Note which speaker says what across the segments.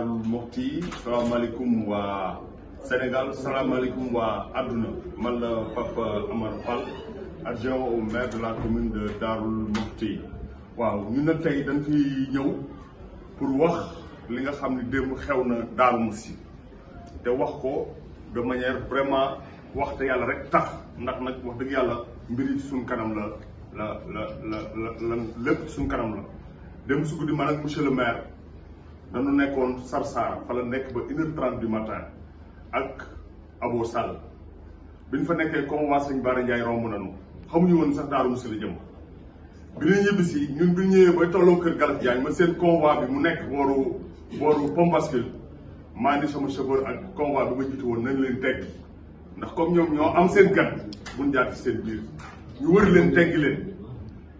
Speaker 1: Daarul Muxti salaamaaleykum waa Sénégal salaamaaleykum waa àdduna man la Pape Amar Fall maire de la commune de Daarul Muxti waaw ñu ne tey dañ fi ñëw pour wax li nga xam ne démb xew na Daaru Muxti te wax ko de manière vraiment waxte yàlla rek tax ndax nag wax dëgg yàlla mbir yi suñ kanam la la la la la lépp suñ kanam la dem su man ak monsieur le maire dañu nekkoon Sarsara fa la nekk ba une heure trente du matin ak Abo Sall bi ñu fa nekkee comme waa sëñ Bara Ndiaye romb nañu xamuñu woon sax Darou Mousty la jëm bi ñu ñëwee bay tolloo kër Galas Diagne ma seen convoi bi mu nekk booru booru Pont maa ni sama chauffeur ak convoi bi ma jiitu woon nañ leen teggi ndax comme ñoom ñoo am seen gat buñ jaar ci seen biir ñu wër leen teggi leen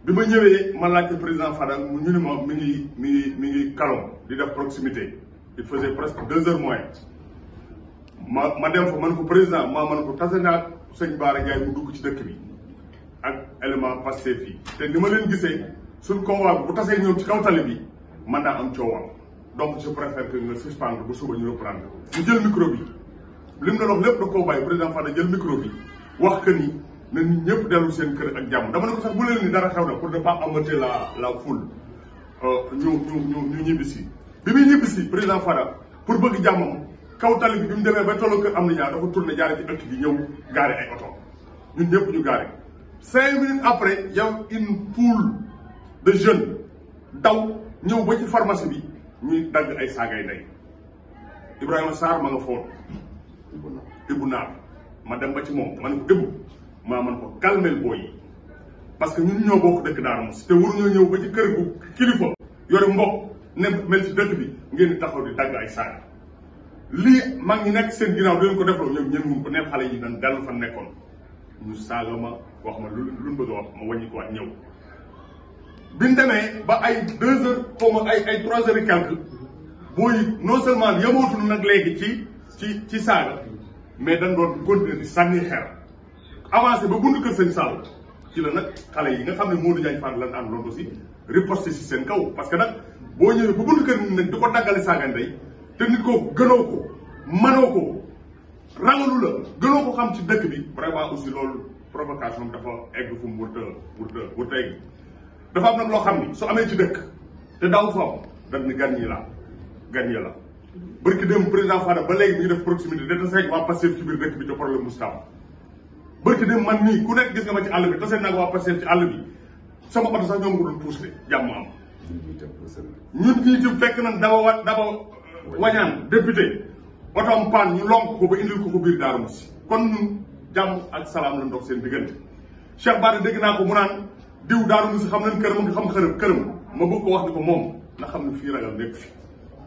Speaker 1: bi ma ñëwee ma laajte président Fadal mu ñu ni ma mi ngi mi ngi mi ngi kalon di def proximité il faisait presque deux heures moins ma ma dem fa man ko président maa man ko tase naa sëñ Baara Ndiaye mu dugg ci dëkk bi ak élément passé fii te ni ma leen gisee suñ convoi bi bu tasee ñoom ci kaw tali bi man naa am coowam donc je préfère que nga suspendre ba suba ñu reprendre mu jël micro bi li mu doon wax lépp da koo bàyyi président Fadal jël micro bi wax que na ñëpp dellu seen kër ak jàmm dama ne ko sax bu ni dara xew na pour ne pas amortir la la foule euh, ñu ñibbisi bi mu ñibbisi président Fada pour bëgg jàmmam kaw tali bi bi mu demee ba tollu kër am na ñaar dafa tourné jaare ci ëkk bi ñëw gaare ay oto ñun ñëpp ñu gaare cinq minutes après yow une poule de jeunes daw ñëw ba ci pharmacie bi ñuy dagg ay saagay ndey Ibrahima Sarr ma nga foon Ibou Naar ma dem ba ci moom ma ne ko maa mën ko calmel booy yi parce que ñun ñoo bokk dëkk Darou Mouhty te waruñoo ñëw ba ci kër gu kilifa yore mbokk ne mel ci dëkk bi ngeen taxaw di dagg ay saaga lii mag ñi nekk seen ginnaaw di leen ko defal ñoom ñen mun ko ne xale yi dañ dal fa nekkoon ñu saaga ma wax ma lu lu bëgg a wax ma wàññi ko waat ñëw biñ demee ba ay deux heures xaw ay ay trois heures booy non seulement yamootuñu nag léegi ci ci ci saaga mais dañ doon continuer di sànni avancé ba buntu kër sëñ Sall ci la nag xale yi nga xam ne Modou Diagne Fada lan àndoon si riposté si seen kaw parce que nag boo ñëwee ba buntu kër nit nag di ko daggale saaga ndey te nit ko gënoo ko manoo ko rangalu la gënoo ko xam ci dëkk bi vraiment aussi loolu provocation dafa egg fu mu wër te wër te wër te egg dafa am nag loo xam ni su amee ci dëkk te daaw fa dañ ni gan ñi la gan ñi la barki dem président Fada ba léegi mi def proximité de te bërki dem man nii ku nekk gis nga ma ci àll bi tase naa ko waa Pastef ci àll bi sama oto sax ñoom nga doon puus de jàmm am ñun ñii itam fekk nañ daba wa daba wañaan député oto am paan ñu lonk ko ba indil ko ko biir Daaru Musi kon ñun jàmm ak salaam la ndox seen diggante Cheikh Bara dégg naa ko mu naan diw Daaru Musi xam nañ këram nga xam xërëm këram ma bëgg ko wax ni ko moom na xam ne fii ragal nekk fi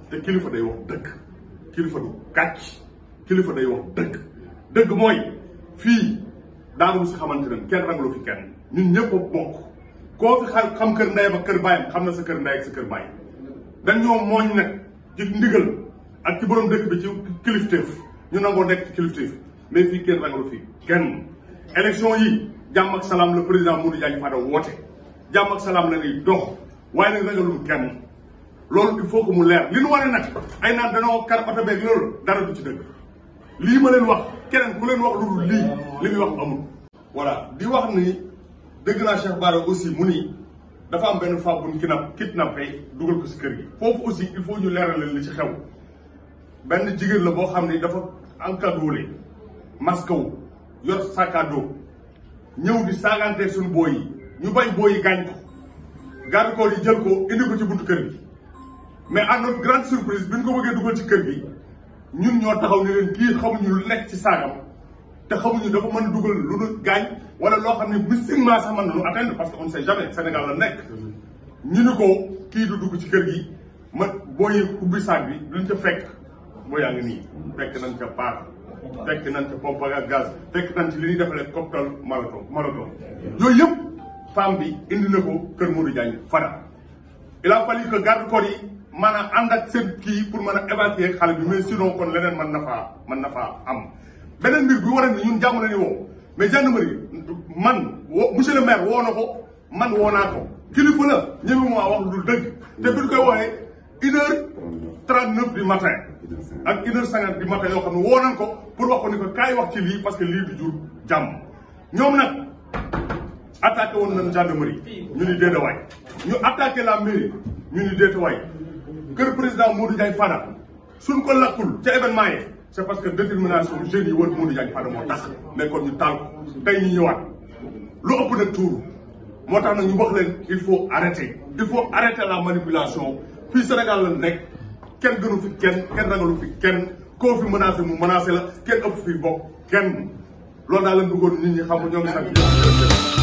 Speaker 1: te kilifa day wax dëgg kilifa du kàcc kilifa day wax daanu si xamante ne kenn ragalu fi kenn ñun ñëpp a bokk koo fi xam kër ndeyam ak kër baayam xam na sa kër ndey ak sa kër baay dañ mooñ nag ci ndigal ak ci borom dëkk bi ci kilifteef ñu nangoo nekk ci kilifteef mais fii kenn ragalu fi kenn. élection yi jàmm salaam la président Modou Diagne Fada woote jàmm salaam la ñuy dox waaye nag ragalul kenn loolu il faut mu leer li nu waree nag ay naan danoo kar bata beeg loolu dara du ci dëgg lii ma leen keneen bu leen wax lu lii li muy wax amul. voilà di wax ni dëgg naa Cheikh Bara aussi mu ni dafa am benn femme bu ñu kidnap kidnappé dugal ko si kër gi. foofu aussi il faut ñu leerale li ci xew benn jigéen la boo xam ni dafa encadré masque wu yor sac à dos ñëw di saagante suñu booy yi ñu bañ booy yi gaañ ko. yi jël ko indi ko ci buntu kër gi mais à notre grande surprise bi ñu ko bëggee dugal ci kër gi. ñun ñoo taxaw ne leen kii xamuñu lu nekk ci saagam te xamuñu dafa mën dugal lu nu gaañ wala loo xam ne mystiquement sax mën na lu atteindre parce que on ne sait jamais Sénégal la nekk. ñu ni ko kii du dugg ci kër gi ma booy ubbi saag bi luñ ca fekk boo yaa ngi nii fekk nañ ca paaka fekk nañ ca pompe ak gaz fekk nañ ci li ñuy defalee cocktail Molotov Molotov yooyu yëpp femme bi indi na ko kër Modou Diagne Fada il a fallu que garde corps man a ànd ak seen kii pour man a évacuer xale bi mais sinon kon leneen mën na faa mën na faa am. beneen mbir bi war a ni ñun jàmm ni woo mais gendarmerie man wo monsieur le woo na ko man woo naa ko kilifa la ñëwi moo wax lu dul dëgg te bi ñu koy wooyee une heure trente matin ak une heure cinquante du matin yoo xam ne woo nañ ko pour wax ko ni ko kaay wax ci lii parce que lii du jur jàmm ñoom nag attaqué woon nañ gendarmerie ñu ni déeta waay ñu attaqué la mairie ñu ni déeta kër président Modou Diagne Fada suñ ko lakkul ca événement yi c'est parce que détermination jeunes yi wër Modou Diagne Fada moo tax mais kon ñu taal ko tey ñu ñëwaat lu ëpp nag tuuru moo tax nag ñu wax leen il faut arrêter il faut arrêter la manipulation fii Sénégal la nekk kenn gënu fi kenn kenn ragalu fi kenn koo fi menacé mu menacé la kenn ëpp fi bokk kenn loolu daal la bëggoon nit ñi xam ñoom nag